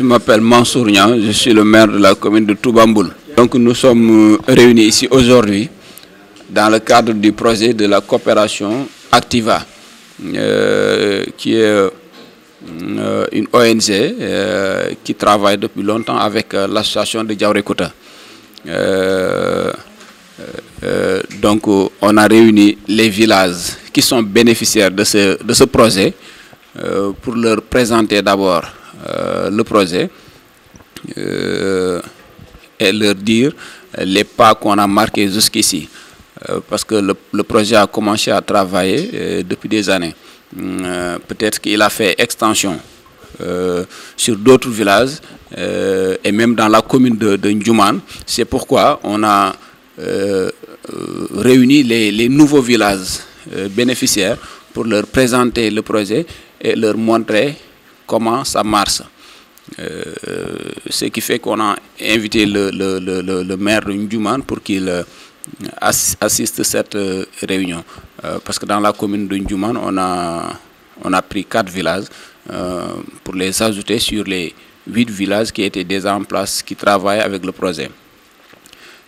Je m'appelle Mansour Nian, je suis le maire de la commune de Toubamboul. Donc nous sommes euh, réunis ici aujourd'hui dans le cadre du projet de la coopération Activa, euh, qui est euh, une ONG euh, qui travaille depuis longtemps avec euh, l'association de Djaourekouta. donc on a réuni les villages qui sont bénéficiaires de de ce projet pour leur présenter d'abord Euh, le projet euh, et leur dire les pas qu'on a marqués jusqu'ici. Euh, parce que le, le, projet a commencé à travailler depuis des années. Peut-être qu'il a fait extension euh, sur d'autres villages euh, et même dans la commune de, de Ndjouman. C'est pourquoi on a euh, réuni les, les, nouveaux villages bénéficiaires pour leur présenter le projet et leur montrer commence à mars Euh, ce qui fait qu'on a invité le, le, le, le maire de Ndjouman pour qu'il euh, assiste à cette euh, réunion. Euh, parce que dans la commune de Ndjouman, on a, pris quatre villages euh, pour les ajouter sur les huit villages qui étaient déjà en place, qui travaillent avec le projet.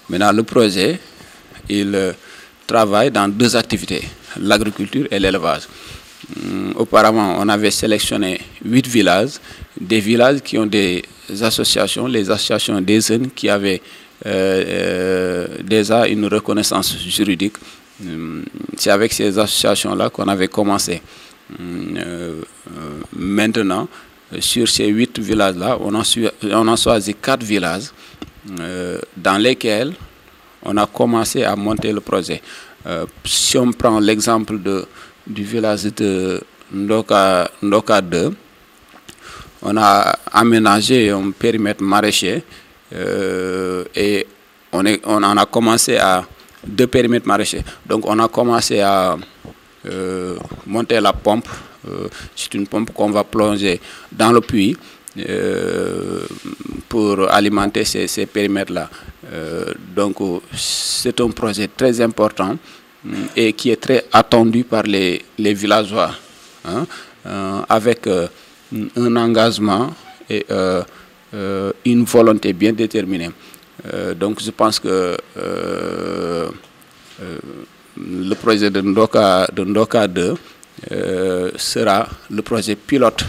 Maintenant, le projet, il travaille dans deux activités, l'agriculture et l'élevage. Euh, auparavant, on avait sélectionné huit villages, des villages qui ont des associations, les associations des jeunes qui avaient euh, euh déjà une reconnaissance juridique. Euh, c'est avec ces associations-là qu'on avait commencé. Euh, maintenant, sur ces huit villages-là, on, on, a choisi quatre villages euh, dans lesquels on a commencé à monter le projet. si on prend l'exemple de du village de Ndoka, Ndoka On a aménagé un périmètre maraîcher euh, et on, a commencé à deux périmètres maraîchers. Donc on a commencé à euh, monter la pompe. Euh, une pompe qu'on va plonger dans le puits euh, pour alimenter ces, ces périmètres-là. Euh, donc c'est un projet très important et qui est très attendu par les, les villageois, hein, euh, avec euh, un engagement et euh, euh une volonté bien déterminée. Euh, donc je pense que euh, le projet de Ndoka, de Ndoka 2 sera le projet pilote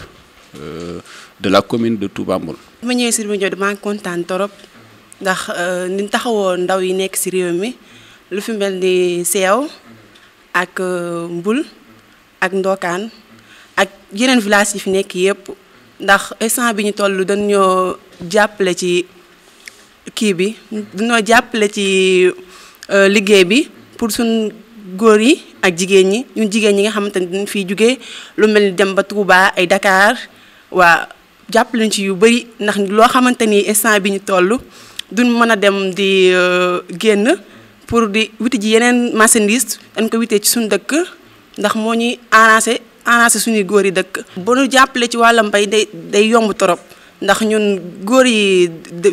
de la commune de Toubamboul. ma ñëwee si rajo bi ndax ni taxawoo ndaw yi nekk si réew mi. lu fi mel ni seew ak euh, mbul ak ndokaan ak yeneen village yi fi nekk yëpp ndax instant bi ñu toll dañ ñoo jàppale ci kii bi dañoo jàppale ci euh, liggéey bi pour suñ góor yi ak jigéen ñi ñu jigéen ñi nga xamante ni dañ fiy jugee lu mel ni dem ba Touba ay dakaar waa jàppale ci yu bëri ndax loo xamante ni instant bi ñu toll duñ mën a dem di euh, génn pour di witi ji yeneen marchandise dañ ko witee ci suñu dëkk ndax moo ñuy arrangé arrangé suñuy góor yi dëkk. boo ñu jàppalee ci wàllam mbay day day yomb torop ndax ñun góor yi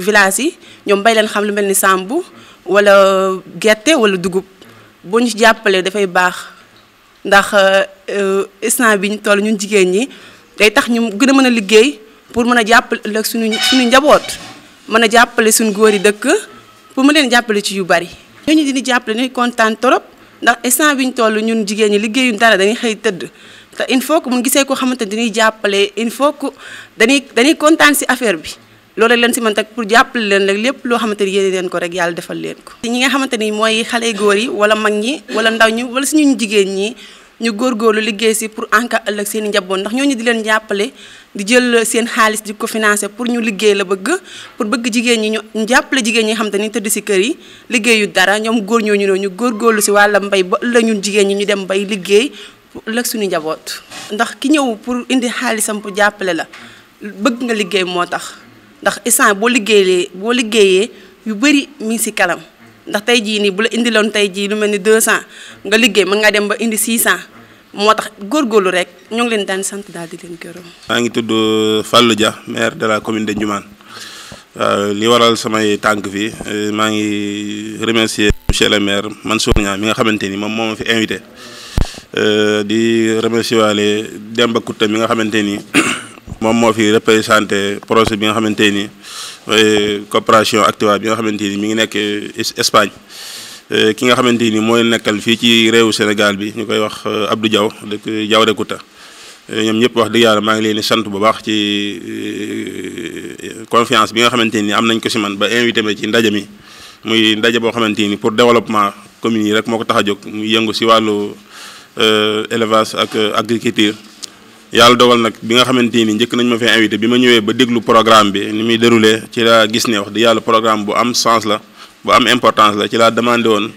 village yi ñoom bay leen xam lu mel ni sàmbu wala gerte wala dugub bu ñu jàppalee dafay baax ndax euh, instant bi ñu toll ñun jigéen ñi day tax ñu gën a mën a liggéey pour mën a jàppale ëllëg suñu suñu njaboot mën a jàppale suñ góor yi dëkk pour mën leen jàppale ci yu bari. dañu di jàppale ñuy kontaan trop ndax instant bi ñu toll ñun jigéen ñi liggéeyuñ dara dañuy xëy tëdd te il faut que mun gisee koo xamante ni dañuy jàppale il faut que dañuy dañuy kontaan si affaire bi loolu leen si man tak pour jàppale leen rek lépp loo xamante ni yéene leen ko rek yàlla defal leen ko. ñi nga xamante ni mooy xale góor yi wala mag ñi wala ndaw ñi wala ñu jigéen ñi. ñu góor góorlu liggéey si pour ANCAR ëllëg seen njaboot ndax ñooñu di leen jàppale di jël seen xaalis di ko financer pour ñu liggéey la bëgg pour bëgg jigéen ñi ñu jàppale jigéen ñi xam te ni tëdd si kër yi liggéeyu dara ñoom góor ñooñu noonu ñu góorgóorlu si wàlla mbay ba ñun jigéen ñi ñu dem bay liggéey pour ëllëg suñu njaboot ndax ki ñëw pour indi xaalisam pour jàppale la bëgg nga liggéey moo tax ndax instant boo liggéeyee boo liggéeyee yu bëri mi ngi si kanam ndax tey jii nii bu la indiloon tey jii lu mel ni 200 nga liggéey mën nga dem ba indi 600 moo tax góorgóorlu rek ñu ngi leen daan sant daal di leen gërëm. maa ngi tudd euh, Fallou Dia maire de la commune de Ndioumane euh, waaw li waral samay tànk fii euh, maa ngi remercier monsieur le maire Mansour Niang mi nga xamante ni moom moo ma fi invité di remercier waale Demba Kouta mi nga xamante ni moom moo fi représenté projet bi nga xamante nii Eh, coopération Activa bi nga xamante ni mi ngi nekk eh, Espagne eh, ki nga xamante ni mooy nekkal fii ci réewu Sénégal bi ñu koy wax Abdou Diaw dëkk Diawrékouta ñoom ñëpp wax dëgg yàlla maa ngi leen di sant bu baax ci confiance bi nga xamante ni am nañ ko si man ba invité ma ci ndaje mi muy ndaje boo xamante ni pour développement communes yi rek moo ko tax a jóg muy yëngu si wàllu élevage ak agriculture. yàlla dogal nag bi nga xamante ni njëkk nañ ma fee invité bi ma ñëwee ba déglu programme bi ni muy déroulé ci laa gis ne wax di yàlla programme bu am sens la bu am importance la ci laa demandé woon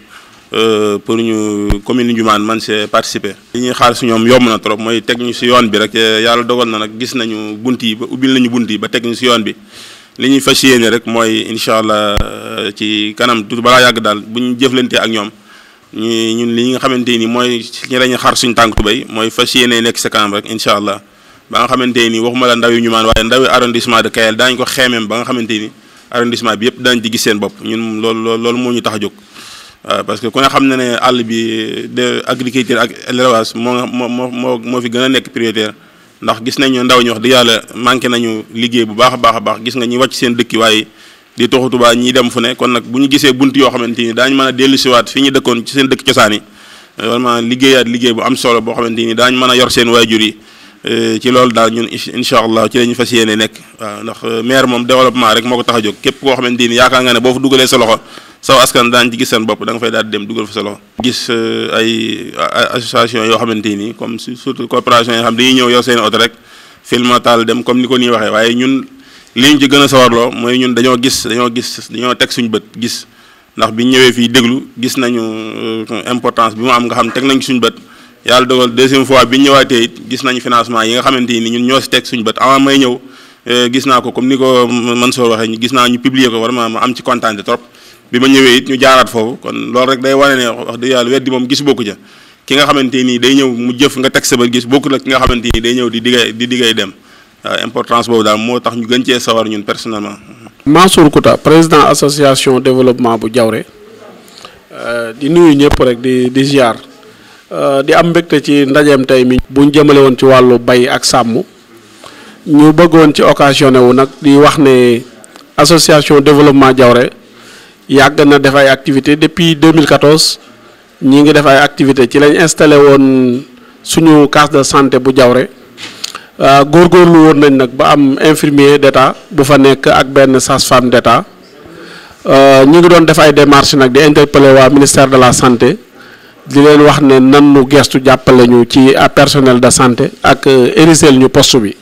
euh, pour ñu commune Ndioumane man se participer. li ñuy xaar si ñoom yomb na trop mooy teg ñu si yoon bi rek euh, yàlla dogal na nag gis nañu bunt yi ba ubbil nañu bunt yi ba teg ñu si yoon bi li ñuy fas yéene rek mooy incha allah euh, ci kanam tuuti balaa yàgg daal bu ñu jëflante ak ñoom. ñu ñun li nga xamante ni mooy ñi lañu xar suñu tànk tubéy mooy fas yéene nekk sa kanam rek incha allah ba nga xamante ni waxuma la ndaw yu ñu maan waaye ndaw arrondissement de Kayel daañu ko xeemeem ba nga xamante ni arrondissement bi yëpp dañ di gis seen bopp ñun loolu loolu moo ñu tax jóg parce que ku ne xam ne ne àll bi de agriculture ak élevage moo moo moo moo fi gën a nekk prioritaire ndax gis nañu ndaw ñu wax di yàlla manqué nañu liggéey bu baax a baax a baax gis nga ñu wàcc seen dëkk di toxu Tuubaa ñiy dem fu ne kon nag bu ñu gisee bunt yoo xamante ni daañu mën a dellu siwaat fi ñu dëkkoon ci seen dëkk cosaan yi euh, vraiment liggéeyaat liggéey bu am solo boo xamante ni daañu mën a yor seen waajur yi euh, ci loolu daal ñun incha allah ci la ñu fas yéene nekk waaw ndax euh, maire moom développement rek moo ko tax a jog képp koo xamante ni yaakaar nga ne boo fa dugalee sa loxo saw askan daañu ci gis seen bopp da nga fay daal dem dugal fa sa loxo. gis ay association yoo xamante ni comme surtout coopération yoo xam dañuy ñëw yor seen oto rek filmatal dem comme ni ko nii waxee waaye ñun. li liñ ci gën a sawarloo mooy ñun dañoo gis dañoo gis dañoo teg suñu bët gis ndax biñ ñëwee fii déglu gis nañu euh, importance bi mu am nga xam teg nañ suñu bët yàlla dogal deuxième fois biñ ñëwaatee gis nañu financement yi nga xamante ni ñun ñoo si teg suñu bët avant may ñëw euh, gis naa ko comme ni ko man soo waxee gis naa ñu publier ko vraiment ma am ci kontaan trop bi ma ñëwee it ñu jaaraat foofu kon loolu rek day wane ne wax dëgg yàlla weddi moom gis bokk ja ki nga xamante nii day ñëw mu jëf nga teg sa bët gis bokk ak ki nga xamante ni day ñëw di diggay di diggay dem waaw euh, importance boobu daal moo tax ñu gën cee sawar ñun personnellement. Mansour Kouta président association développement bu Diawré euh, di nuyu ñëpp rek di di ziar euh, di am mbégte ci ndajeem tey mi. bu jëmale woon ci wàllu bay ak sàmm ñu bëggoon ci occasionné wu nag di wax ne association développement Diawré yàgg na def ay activités depuis 2014 ñi ngi def ay activités ci lañ installé woon suñu case de santé bu Diawré. Euh, góorgóorlu woon nañ nag ba am infirmier d'état bu fa nekk ak benn sage-femme d'état euh, ñu ngi doon def ay démarches nag di interpeller waa ministère de la santé di leen wax ne nan nu gestu jàppale ñu ci personnel de santé ak euh, érisel ñu poste bi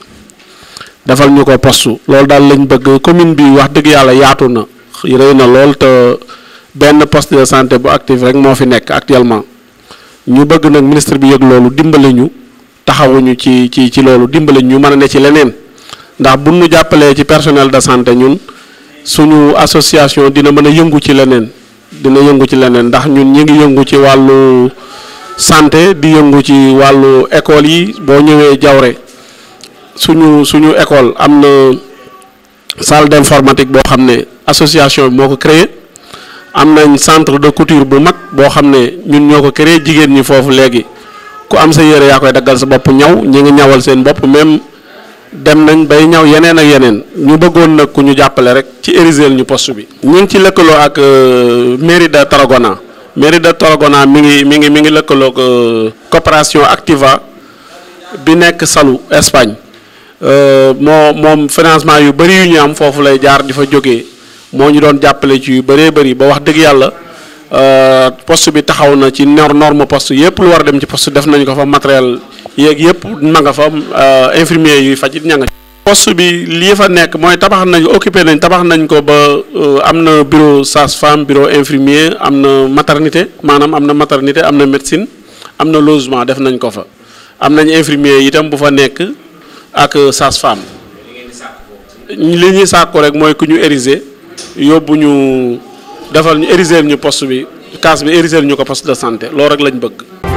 defal ñu ko postu loolu daal lañ bëgg commune bi wax dëgg yàlla yaatu na rëy na lool te benn poste de santé bu actif rek moo fi nekk actuellement ñu bëgg nag ministre bi yëg loolu dimbale ñu. taxawuñu ci ci ci loolu dimbale ñu mën a ne ci leneen ndax bu ñu jàppalee ci personnel de santé ñun suñu association dina mën a yëngu ci leneen dina yëngu ci leneen ndax ñun ñi ngi yëngu ci wàllu santé di yëngu ci wàllu école yi boo ñëwee jawre suñu suñu école am na salle d'informatique boo xam ne association bi moo ko créer am nañ centre de couture bu mag boo xam ne ñun ñoo ko créé jigéen ñi foofu léegi ku am sa yére yaa koy daggal sa bopp ñaw ñi ngi ñawal seen bopp même dem nañ bay ñaw yeneen ak yeneen ñu bëggoon nag ku ñu jàppale rek ci érisel ñu poste bi ñu ngi ci lëkkaloo ak euh, mairie de Tarragona mairie de Tarragona mi ngi mi ngi mi ngi lëkkaloo euh, coopération Activa bi nekk Salu Espagne euh, moo moom financement yu bëri yu ñu am foofu lay jaar di fa jóge moo ñu doon jàppale ci yu bëree bëri ba wax dëgg yàlla Euh, post bi taxaw na ci nor norme poste yëpp lu war a dem ci poste def nañ ko fa matériel yeeg yëpp ma nga fa euh, infirmier yuy faj it ña nga poste bi lii fa nekk mooy tabax nañ occupé nañ tabax nañ ko ba euh, am na bureau sage-femme bureau infirmier am na maternité maanaam am na maternité am na médecine am na logement def nañ ko fa am nañu infirmier itam bu fa nekk ak sage-femme li ñuy sàkku rek mooy ku ñu ériger yóbbu ñu defal ñu ériger ñu poste bi case bi ériger ñu ko poste de santé loolu rek lañu bëgg.